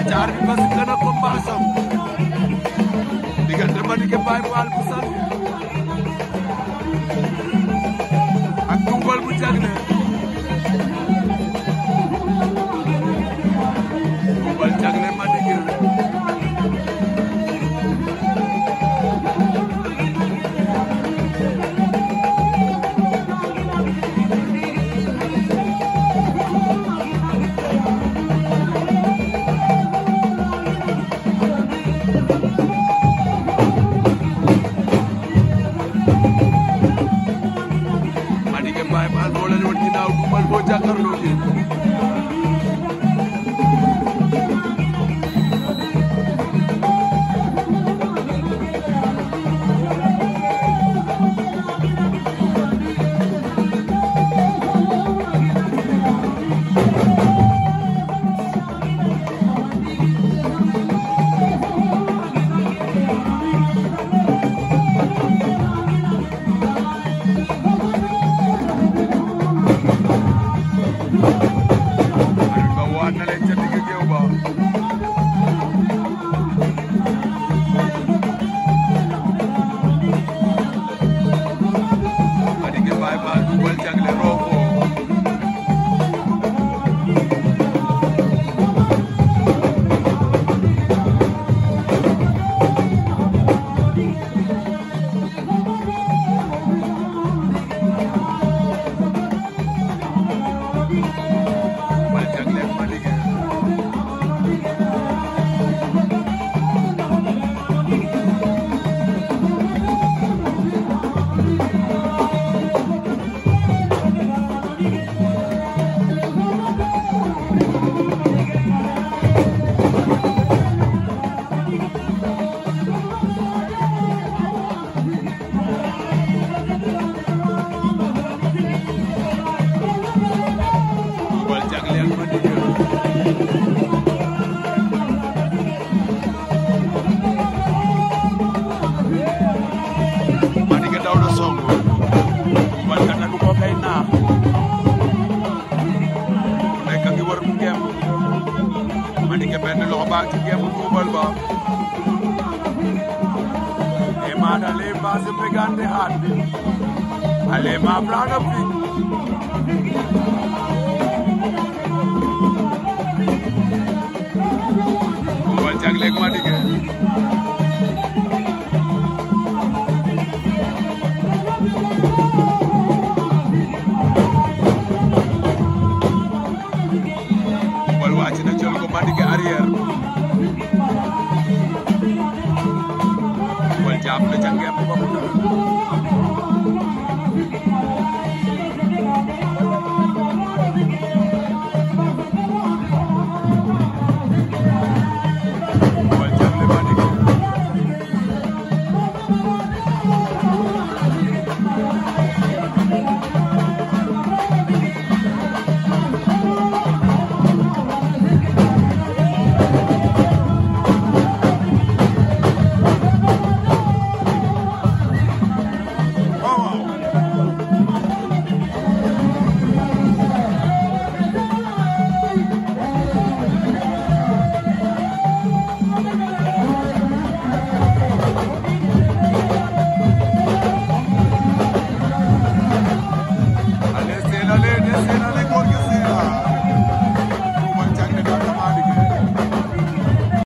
aca arbitre ba sifflé na combat sam diggante Madické Baye Fall bu Sane man Atta du ko kay naar ku nekk a ngi wër mu ngemb Mandinké benn loxo baa ci ngemb tuubal ba e maada le baase pegante haat bi ale maa plaana fi tuubal jaglek Mandinké jàppale ca ngeen ba mu やった!